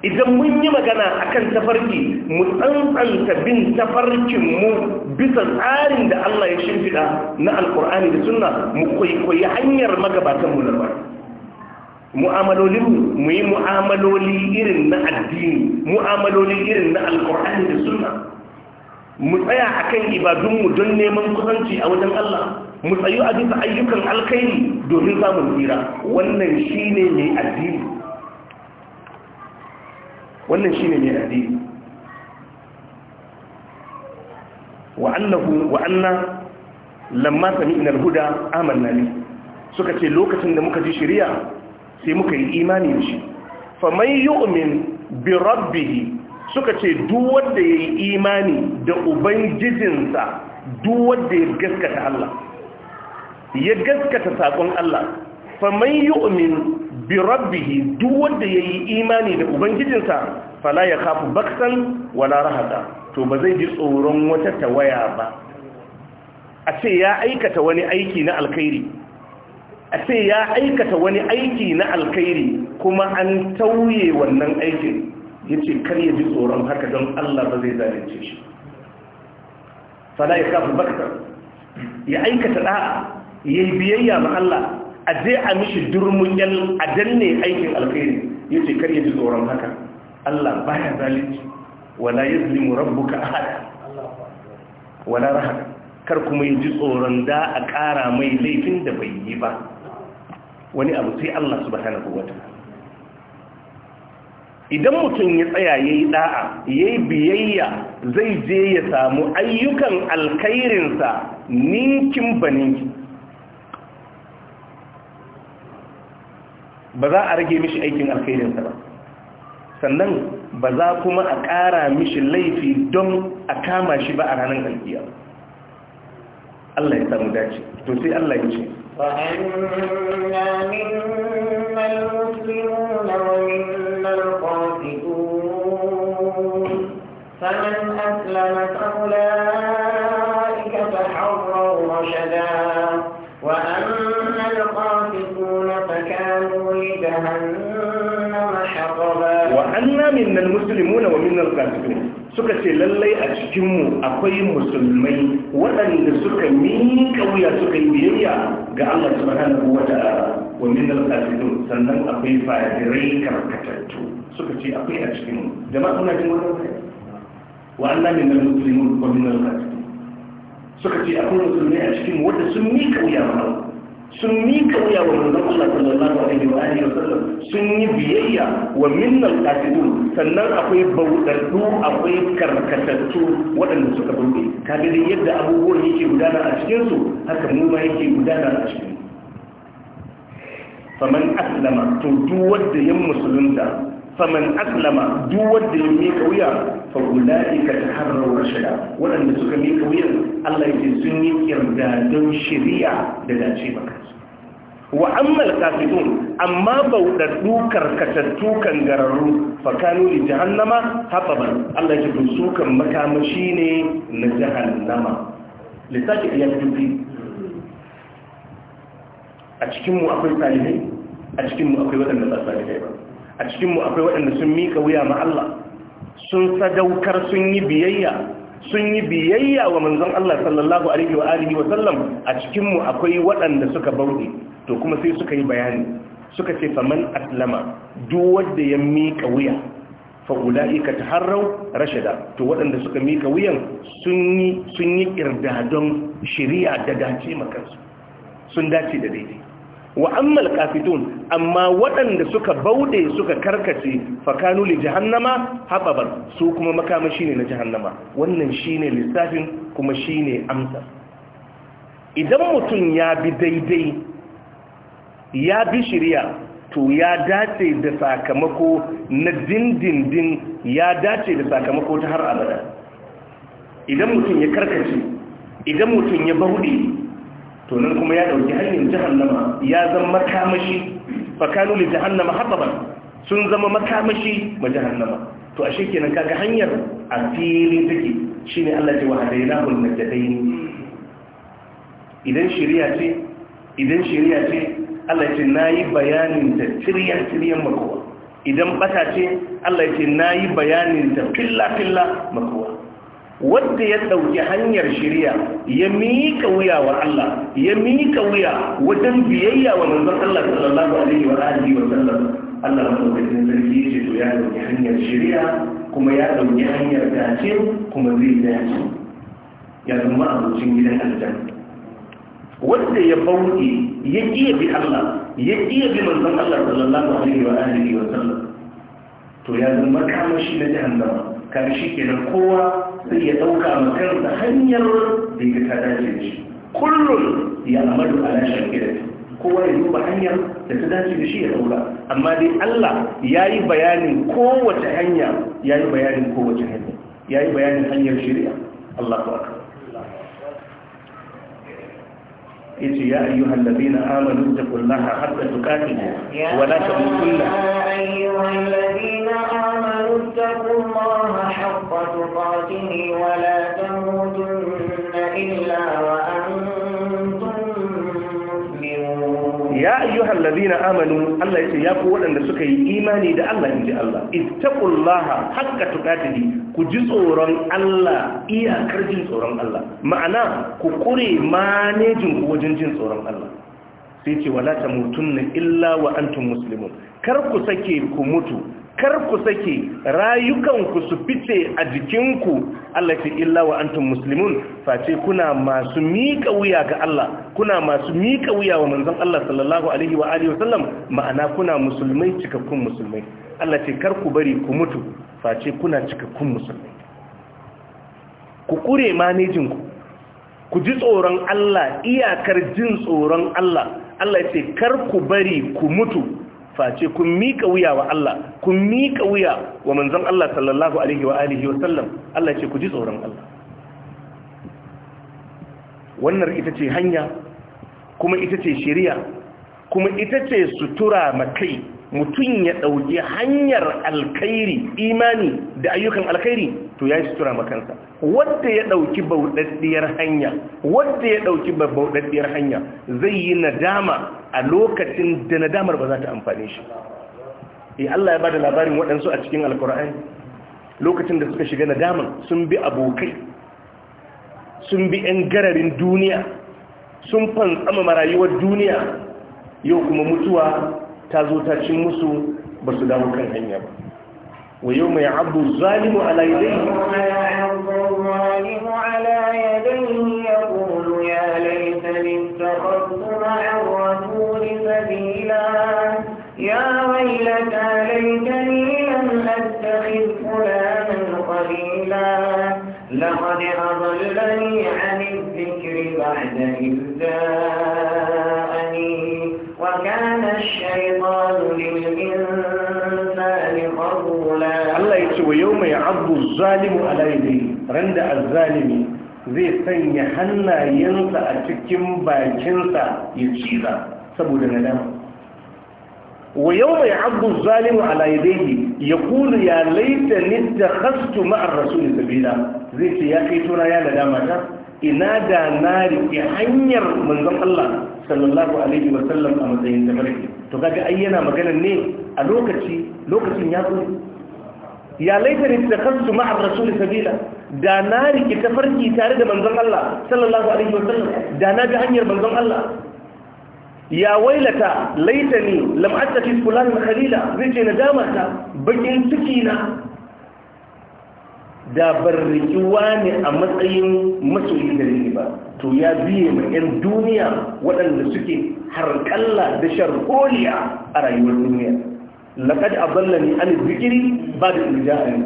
idan mun yi magana akan tafarki mu tsantsanta bin tafarkin mu bisa tsarin da Allah ya shimfiɗa na alkur'ani da sunna mu kwaikwayi hanyar magabatan mu labar mu yi mu'amaloli irin na addini mu'amaloli irin na alkur'ani da sunna mu tsaya a kan ibadunmu don neman kusanci a wajen Allah mu tsayu a bisa ayyukan alkhairi domin samun tsira wannan shi ne mai addini wannan shi ne mai addini wa'anna lamma sami inar huda amanna ne suka ce lokacin da muka ji shirya sai muka yi imani da shi fa mai yi umin bi rabbihi suka ce duk wanda ya yi imani da ubangijinsa duk wanda ya gaskata Allah ya gaskata saƙon Allah Fa yi yu'min bi rabbihi duk wanda ya yi imani da ubangijinsa fala ya kafu baksan wala rahada to ba zai ji tsoron wata tawaya ba a ce ya aikata wani aiki na alkhairi a ce ya aikata wani aiki na alkhairi kuma an tauye wannan aikin ya ce kar ya ji tsoron haka don Allah ba zai zalunce shi fala ya kafa bakar ya aikata da ya yi biyayya ma Allah a je a mishi durmun yan a danne aikin alkhairi ya ce kar ya ji tsoron haka Allah baya zalunci wala ya yazlimu rabbuka ahada wala rahaka kar kuma ya ji tsoron da a ƙara mai laifin da bai yi ba wani abu sai Allah subhanahu wataala idan mutum ya tsaya ya yi ɗa'a ya yi biyayya zai je ya samu ayyukan alkairinsa ninkin baninki ba za a rage mishi aikin alkairinsa ba sannan ba za kuma a ƙara mishi laifi don a kama shi ba a ranar alkiya Allah ya samu dace to sai Allah ya ce min فمن أسلم فأولئك تحروا رشدا وأما القاسطون فكانوا لجهنم حطبا وأنا منا المسلمون ومنا القاسطون suka ce lallai a cikinmu akwai musulmai waɗanda suka miƙa wuya suka yi biyayya ga Allah subhanahu wa ta'ala wa min al sannan akwai fadirai karkatattu suka ce akwai a cikinmu jama'a kuna jin wannan Wa'annan ne na musulmi ko min al suka ce akwai musulmi a cikin wanda sun yi kauya wa sun yi kauya wa manzon Allah sallallahu alaihi wa alihi wasallam sun yi biyayya wa min al sannan akwai bawdaddu akwai karkatattu waɗanda suka bauɗe kaga dai yadda abubuwan yake gudana a cikin su haka mu ma yake gudana a cikin faman aslama to duk wanda ya musulunta faman aslama duk wanda ya miƙa wuya fa ulaika taharraw rashada waɗanda suka miƙa wuyan Allah yake sun yi yarda don shari'a da dace ba. wa amma al-kafirun amma bauɗaɗɗu karkatattu gararru, fa kanu li jahannama hababan Allah ya to su kan makamashi ne na jahannama lissafi ya ayatubi a cikinmu akwai salihai a cikin mu akwai waɗanda ba salihai ba a cikinmu akwai waɗanda sun mika wuya ma Allah sun sadaukar sun yi biyayya sun yi biyayya wa manzon Allah sallallahu alaihi wa alihi wa sallam a cikinmu akwai waɗanda suka bauɗe to kuma sai suka yi bayani suka ce faman atlama" duk wanda ya mika wuya fa ulaika taharraw rashada to waɗanda suka mika wuyan sun yi sun yi irdadon shari'a da dace makansu sun dace da daidai wa ammal kafitun amma waɗanda suka baude suka karkace fakanu li jahannama hababar su kuma makamashi ne na jahannama wannan shine lissafin kuma shine amsar idan mutum ya bi daidai ya bi shirya to ya dace da sakamako na dindindin ya dace da sakamako ta har abada idan mutum ya karkace idan mutum ya bauɗe to nan kuma ya dauki hanyar jahannama ya zama makamashi fakanu li jahannama hataban sun zama makamashi ma jahannama to ashe kenan kaga hanyar a fili take shine Allah ya wahadaina hul najdain idan shari'a ce idan shari'a ce Allah ya ce nayi bayanin ta tiryan tiryan makowa idan bata ce Allah ya ce nayi bayanin ta filla filla makowa wanda ya ɗauki hanyar shirya ya miƙa wuya wa Allah ya miƙa wuya wajen biyayya wa manzon Allah sallallahu alaihi wa alihi wa sallam Allah madaukakin sarki ya ce to ya ɗauki hanyar shirya kuma ya ɗauki hanyar dace kuma zai dace ya zama abincin gidan aljanna wanda ya bauɗe ya iya bi Allah ya iya bi manzon Allah sallallahu alaihi wa alihi wa sallam to ya zama kamashi na jahannama karshe kenan kowa sai ya ɗauka makar da hanyar da ya ta dace da shi kullum ya amalu a rashin gidan kowa ya duba hanyar da ta dace da shi ya daura. amma dai Allah ya yi bayanin kowace hanya ya yi bayanin kowace hanya ya yi bayanin hanyar shari'a Allah ku إن يا أيها الذين آمنوا اتقوا الله حتى تقاتلوا ولا تموتوا يا أيها الذين آمنوا اتقوا الله حق تقاتلوا ولا تموتن إلا وأنتم ya ayyuhal ladina amanu Allah yace ya ku waɗanda suka yi imani da Allah inji Allah ittaqullaha haqqa tuqatihi ku ji tsoron Allah iyakar jin tsoron Allah ma'ana ku kure manejin ku wajen jin tsoron Allah sai ce wala tamutunna illa wa antum muslimun kar ku sake ku mutu kar ku sake rayukanku su fice a jikinku Allah ce illa wa antum muslimun face kuna masu miƙa wuya ga Allah kuna masu miƙa wuya wa manzon Allah sallallahu alaihi wa alihi wasallam ma'ana kuna musulmai cikakkun musulmai Allah ce kar ku bari ku mutu face kuna cikakkun musulmai ku kure manejin ku ku ji tsoron Allah iyakar jin tsoron Allah Allah ce kar ku bari ku mutu face kun mika wuya wa Allah kun miƙa wuya wa manzon Allah sallallahu alaihi wa alihi wa sallam Allah ce ku ji tsoron Allah wannan ita ce hanya kuma ita ce shari'a kuma ita ce sutura makai mutum ya ɗauki hanyar alkhairi imani da ayyukan alkhairi to ya sutura sutura makansa wanda ya ɗauki baudaddiyar hanya wanda ya ɗauki baudaddiyar hanya zai yi nadama a lokacin da nadamar ba za ta amfani shi eh Allah ya ba da labarin waɗansu a cikin alkur'ani lokacin da suka shiga nadaman sun bi abokai sun bi 'yan gararin duniya sun fantsama marayuwar duniya yau kuma mutuwa ta zo ta cin musu ba su dawo kan hanya ba ويوم يعض الظالم على يديه ويوم يعض الظالم على يديه يقول يا ليتني اتخذت مع الرسول سبيلا يا ويلتى ليتني لم اتخذ فلانا قليلا لقد اضلني عن الذكر بعد اذ جاءني وكان الشيطان abdu zalimu ala yadi randa azzalimi zai sanya hannayensa a cikin bakinsa ya ciza saboda nadama wa yawma ya'abdu zalimu ala yadayhi yaqulu ya laitani takhastu ma'a ar-rasul sabila zai ce ya kai na ya nadama ta ina da na rike hanyar manzon Allah sallallahu alaihi wa sallam a matsayin tabarki to kaga ai yana magana ne a lokaci lokacin ya tsoro ya laifin istakansu ma'ar rasul sabila da na rike ta farki tare da manzon Allah sallallahu alaihi wasallam da na bi hanyar manzon Allah ya wailata laitani lam attaki fulan khalila zai na nadamarta bakin ciki na da bar riki wani a matsayin masoyi da ni ba to ya biye ma yan duniya waɗanda suke harkalla da sharholiya a rayuwar duniya laqad aballani an zikri ba da irja'ani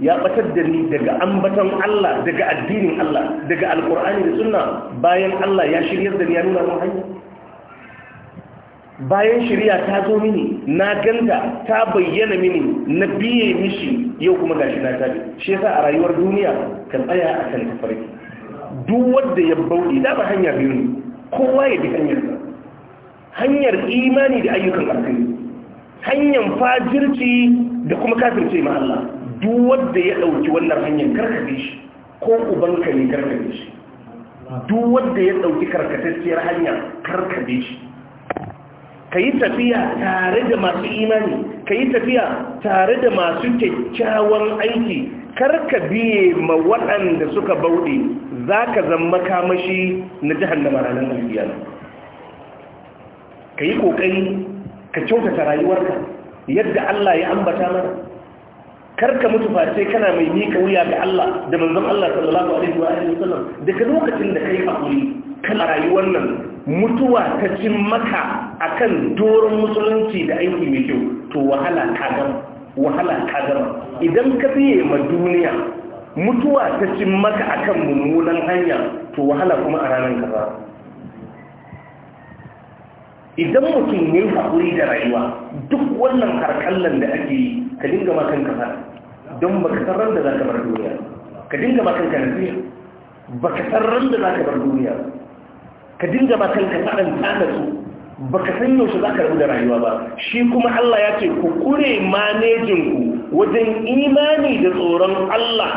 ya batar da ni daga ambaton Allah daga addinin Allah daga alqur'ani da sunna bayan Allah ya shiryar da ni ya nuna mun bayan shirya ta zo mini na ganta ta bayyana mini na biye mishi yau kuma gashi na tabi shi yasa a rayuwar duniya kan tsaya a kan tafarki duk wanda ya bauɗi da ba hanya biyu ne kowa ya bi hanyar hanyar imani da ayyukan alkhairi hanyar fajirci da kuma kafirce ma Allah duk wanda ya ɗauki wannan hanyar karkace shi ko ubanka ne karkace shi duk wanda ya ɗauki karkatacciyar hanya karkace shi kayi tafiya tare da masu imani kayi tafiya tare da masu kyakkyawan aiki karka biye ma waɗanda suka bauɗe za ka zama kamashi na jihar da maranin ka yi ƙoƙari ka kyautata rayuwarka yadda Allah ya ambata mana karka mutu face kana mai mika wuya ga Allah da manzon Allah sallallahu alaihi wa alihi daga lokacin da kai hakuri kana rayuwar nan mutuwa ta cin maka akan doron musulunci da aiki mai kyau to wahala ka gama wahala ka gama idan ka biye ma duniya mutuwa ta cin maka akan mummunan hanya to wahala kuma a ranar kaza idan mutum ya yi haƙuri da rayuwa duk wannan harkallan da ake yi ka dinga ma kafa don ba ka san da za ka bar duniya ka dinga ma kanka nasiya ba ka san da za ka bar duniya ka dinga ma kafa ɗan tsanasu su ba ka san yaushe za ka rabu da rayuwa ba shi kuma Allah ya ce ku kure manejinku wajen imani da tsoron Allah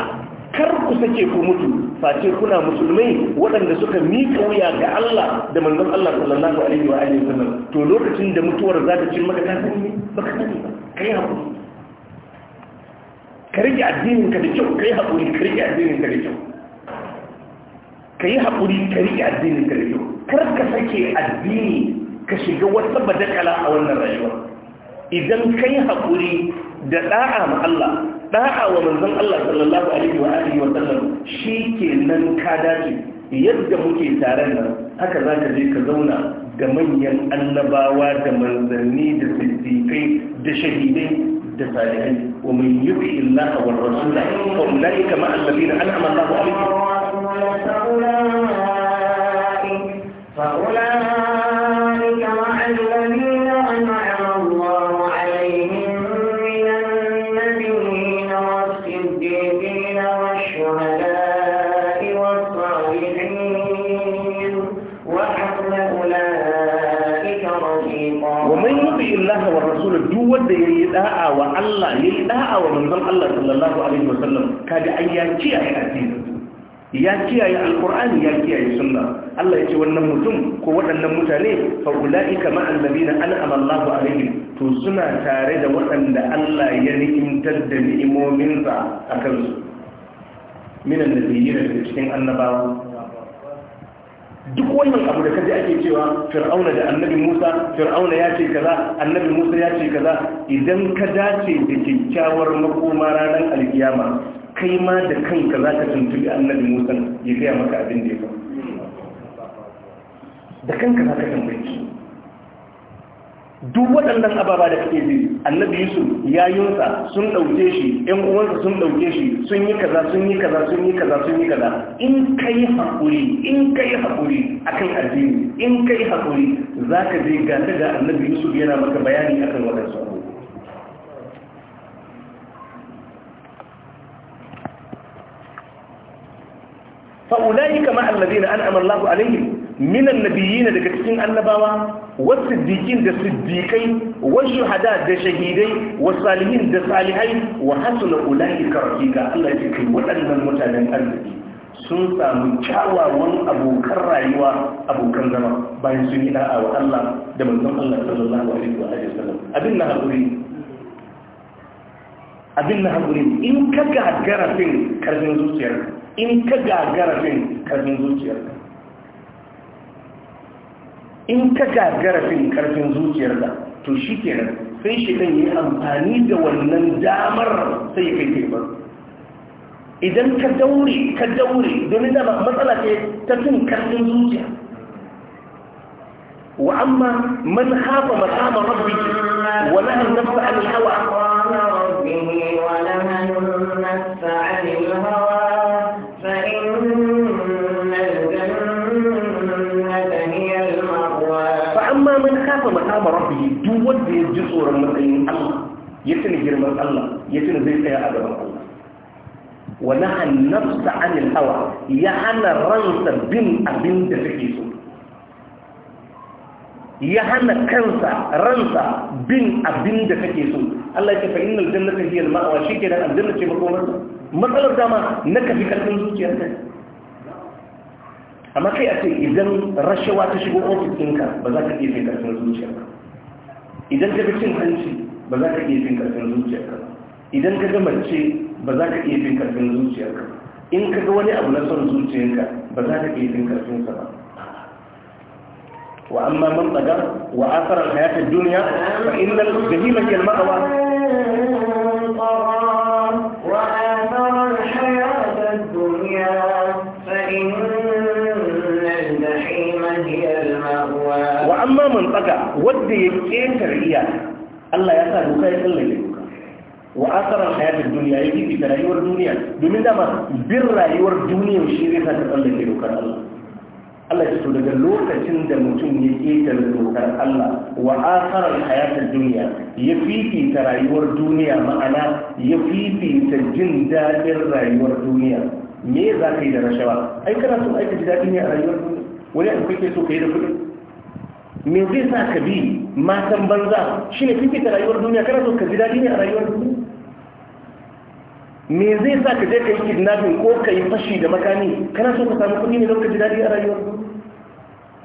kar ku sake ku mutu face kuna musulmai waɗanda suka miƙa wuya ga Allah da manzon Allah sallallahu alaihi wa alihi wasallam to lokacin da mutuwar za ta cin maka kafin ne baka sani ba kai hakuri ka rike addinin ka da kyau kai hakuri ka rike addinin ka da kyau kai hakuri ka rike addinin ka da kyau kar ka sake addini ka shiga wata badakala a wannan rayuwa idan kai hakuri da da'a ma Allah da'a wa manzon Allah sallallahu alaihi wa alihi wa sallam nan ka dace yadda muke tare nan haka zaka je ka zauna da manyan annabawa da manzanni da siddiqai da shahidai التسالحين ومن يطع الله والرسول فاولئك مع الذين انعم الله عليهم فاولئك da ai ya kiyaye addini ya kiyaye alqur'ani ya kiyaye sunna Allah ya ce wannan mutum ko waɗannan mutane fa ulaika ma allazina an'ama Allahu alaihim to suna tare da waɗanda Allah ya ni'imtar da ni'imominsa akan su minan nabiyyin da cikin annabawa duk wannan abu da kaji ake cewa fir'auna da annabi musa fir'auna ya ce kaza annabi musa ya ce kaza idan ka dace da kyakkyawar makoma ranar alkiyama kai ma da kanka za ka tuntubi annabi musa ya gaya maka abin da ya faru da kanka za ka tambayi duk waɗannan ababa da kake ji annabi yusuf yayinsa sun ɗauke shi ƴan uwansa sun ɗauke shi sun yi kaza sun yi kaza sun yi kaza sun yi kaza in kai hakuri, in kai hakuri akan addini in kai hakuri, za ka je ga ga annabi yusuf yana maka bayani akan waɗansu abubuwa فأولئك مع الذين أنعم الله عليهم من النبيين daga cikin annabawa wasiddiqin da siddiqai washuhada da shahidai wasalihin da salihai wa hasuna ulaika rafiqa Allah ya kai waɗannan mutanen arziki sun samu kyawawan abokan rayuwa abokan zama bayan sun yi da'a wa Allah da manzon Allah sallallahu alaihi sallam abin na hakuri in ka garafin karfin zuciyarka in ka gagara fin karfin zuciyarka in ka gagara fin karfin zuciyarka to shi ke kenan sai shi kan yi amfani da wannan damar sai ya kai taibar idan ka daure ka daure domin dama matsala ce ta fin karfin zuciya wa amma man hafa makama rabbi wa nahar nafsa an hawa rabbihi wa nahar nafsa an maqama rabbih duk wanda ya ji tsoron matsayin Allah ya tuna girman Allah ya tuna zai tsaya a gaban Allah wa naha nafsa anil hawa ya hana ransa bin abin da take so ya hana kansa ransa bin abin da take so Allah ya ce fa innal jannata hiya al-ma'wa shikenan aljanna ce makomar matsalar dama na kafi karfin zuciyarka amma kai a ce idan rashawa ta shigo ofis ɗinka ba za ka iya fin karfin zuciyarka idan ka fi cin hanci ba za ka iya fin karfin zuciyarka idan ka gama ce ba za ka iya fin karfin zuciyarka in ka ga wani abu na son zuciyarka ba za ka iya fin karfin sa ba wa amma man tsaga wa asarar hayatar duniya fa innal jahila hiya man tsaga wanda ya ƙetare iya Allah ya sa doka ya tsallake doka wa asarar hayatar duniya ya fi da rayuwar duniya domin dama bin rayuwar duniyar shi zai sa ta tsallake dokar Allah Allah ya so daga lokacin da mutum ya ƙetare dokar Allah wa asarar hayatar duniya ya fifita rayuwar duniya ma'ana ya fifita jin daɗin rayuwar duniya me za ka yi da rashawa ai kana so aika ji daɗi ne a rayuwar duniya wani abu kake so ka yi da kuɗi me zai sa ka bi matan banza shi ne fifita rayuwar duniya kana so ka ji daɗi ne a rayuwar duniya me zai sa ka je ka yi kidnapping ko ka yi fashi da makami kana so ka samu kuɗi ne don ka ji daɗi a rayuwar duniya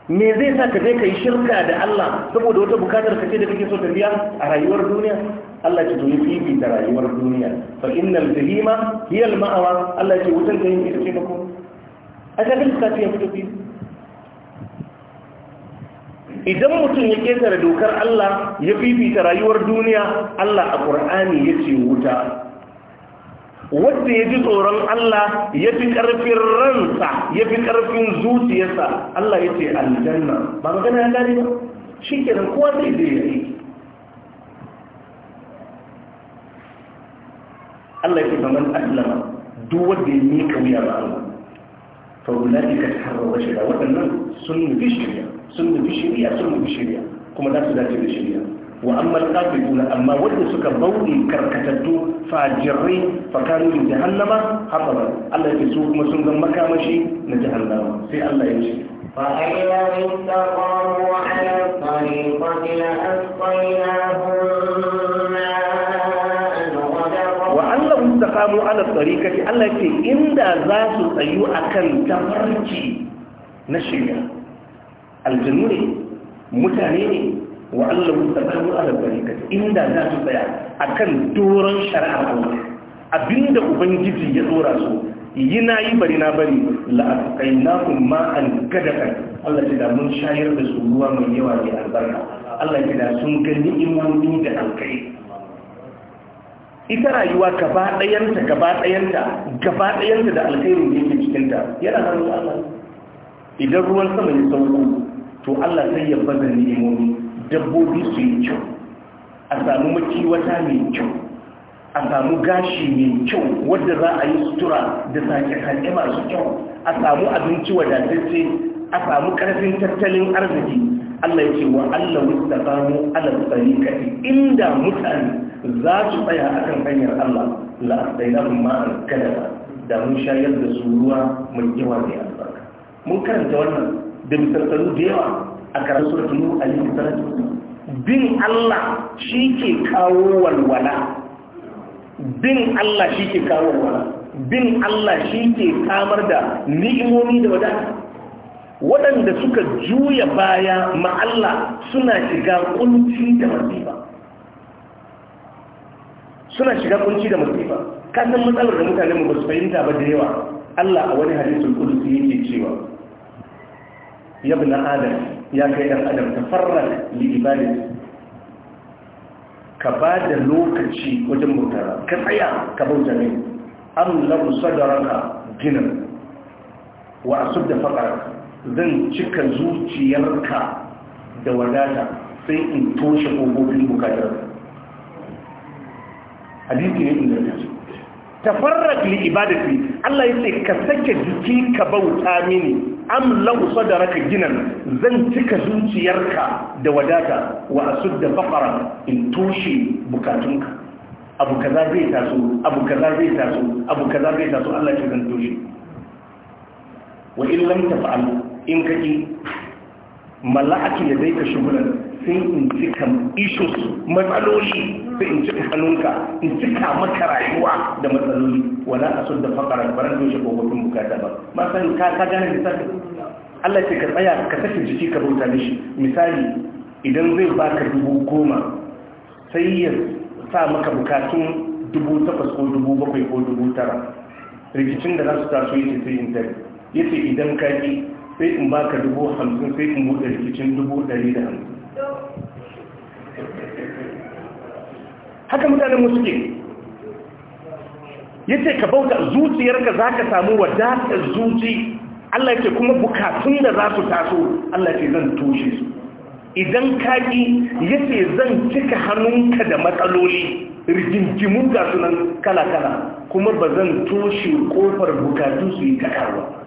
me zai sa ka je ka yi shirka da Allah saboda wata bukatar ka ce da kake so ta biya a rayuwar duniya Allah ya tuni fifi da rayuwar duniya fa innal jahima hiya al ma'awa Allah ce wutar da ita ce mako a ga duk ka fito idan mutum ya ƙetare dokar Allah ya fifita rayuwar duniya Allah a ƙur'ani ya ce wuta Wanda ya ji tsoron Allah ya fi ƙarfin ransa ya fi ƙarfin zuciyarsa Allah ya ce aljanna ba magana ya gane ba shi kenan kowa zai zai yi Allah ya ce ba man aslama duk wanda ya mika wuya ba Allah fa ulai ka tarwa shida waɗannan sun nufi shirya sun nufi shirya sun nufi shirya kuma za su dace da shirya wa amma al kuna, amma wanda suka bauɗe karkatattu fajirai fakanu min jahannama hafara Allah ya su kuma sun zama makamashi na jahannama sai Allah ya ce فإذا استقاموا على الطريقة لأسقيناهم istaqamu ala tariqati Allah ce inda za su tsayu akan tafarki na shirya aljannu ne mutane ne wa Allah mutakamu ala barikati inda za su tsaya akan doron shari'ar Allah abinda ubangiji ya dora su yi na yi bari na bari la na ma an kadaka Allah ya da mun shayar da su ruwa mai yawa mai albarka Allah ya da sun gani imani da alkai ita rayuwa gaba ɗayanta gaba ɗayanta gaba ɗayanta da alkairin ne cikin cikinta yana hannun Allah idan ruwan sama ya sauko to Allah sai ya baza ni'imomi dabbobi su yi kyau a samu makiwata mai kyau a samu gashi mai kyau wadda za a yi sutura da sake-sake masu kyau a samu abinci wadatacce a samu karfin tattalin arziki Allah ya ce wa Allah wuta samu alal kaɗi. inda mutane za su tsaya a kan hanyar Allah la'adainahun ma'ar kadara da mun shayar da su ruwa mai yawa mai albarka mun karanta wannan da misaltaru da yawa a karar suratun nuhu a yin bin Allah shi ke kawo walwala bin Allah shi ke kawo walwala bin Allah shi ke kamar da ni'imomi da wadata waɗanda suka juya baya ma Allah suna shiga kunci da masifa suna shiga kunci da masifa kasan matsalar da mutane mu ba su fahimta ba da yawa Allah a wani hadisul kudusi yake cewa Yau bi na adam ya kai ɗan adam ta farrar libanin ka ba da lokaci wajen mutara ka tsaya ka bauta ne an lagu sadararka ginin wa a da faɗar zan cika zuciyarka da wadata sai in toshe ƙofofin bukatar ne ta Allah ka jiki ka bauta mini am lau raka ginan zan cika zuciyarka da wadata wa asudda faqara in toshe bukatunka abu kaza zai taso abu kaza zai taso abu kaza zai taso Allah ya zan toshe wa in lam tafa'al in kaki mala'ati ka shugunan. sai in cika issues matsaloli sai in cika hannunka in cika maka rayuwa da matsaloli wala a sun da fakara baran don shi gwagwatun bukata ba ma san ka ka gane misali Allah ce ka tsaya ka sake jiki ka bauta mishi misali idan zai baka dubu goma sai ya sa maka bukatun dubu takwas ko dubu bakwai ko dubu tara rikicin da za su taso yake sai in tare yace idan ka ki sai in baka dubu hamsin sai in buɗe rikicin dubu ɗari da hamsin haka mutanen ke, ya ce ka bauta zuciyarka ka samu wadatar zuci Allah ce kuma bukatun da za su taso Allah ce zan toshe su idan ya ce zan cika hannunka da matsaloli rigingimun ga sunan kala kala kuma ba zan toshe ƙofar bukatun su yi ta karuwa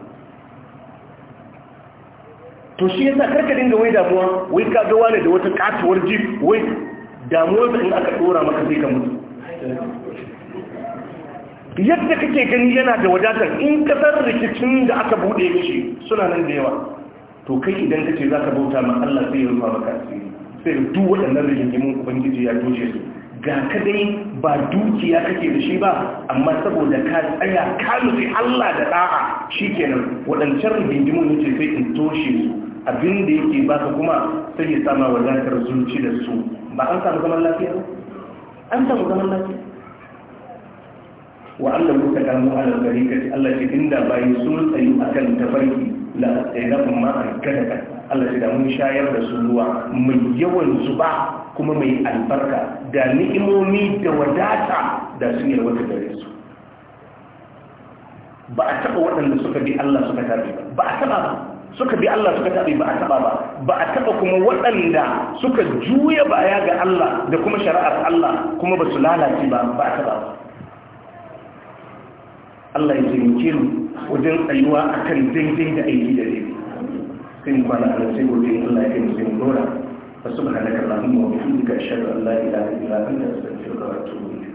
to shi yasa karka dinga wai damuwa wai ka ga wani da wata katuwar jif wai damuwar da in aka dora maka zai ka mutu yadda kake gani yana da wadatar in kasar rikicin da aka bude shi suna nan da yawa to kai idan kace za ka bauta ma Allah sai ya rufa maka asiri sai da duk waɗannan rikimin ubangiji ya doje su ga ka dai ba dukiya kake da shi ba amma saboda ka tsaya ka nufi Allah da da'a shikenan waɗancan rikimin ce sai in toshe su abin da yake ba ka kuma sai ya sama wadatar zuci da su ba an samu zaman lafiya ba an samu zaman lafiya wa Allah ku ta kamo ala gari ka Allah ce inda bayi sun tsayu akan tafarki la tsayrafin ma a kada Allah ce da mun shayar da su ruwa mai yawan zuba kuma mai albarka da ni'imomi da wadata da sun wata gare su ba a taɓa waɗanda suka bi Allah suka tafi ba a taɓa ba suka bi Allah suka tabi ba a taɓa ba ba a taɓa kuma waɗanda suka juya baya ga Allah da kuma shari'ar Allah kuma ba su lalace ba ba a taɓa ba Allah ya taimake mu wajen tsayuwa akan daidai da aiki da daidai sai mu kwana a sai gobe Allah ya taimake mu dora fa subhanaka allahumma wa bihamdika ashhadu an la ilaha illa anta astaghfiruka wa atubu ilayk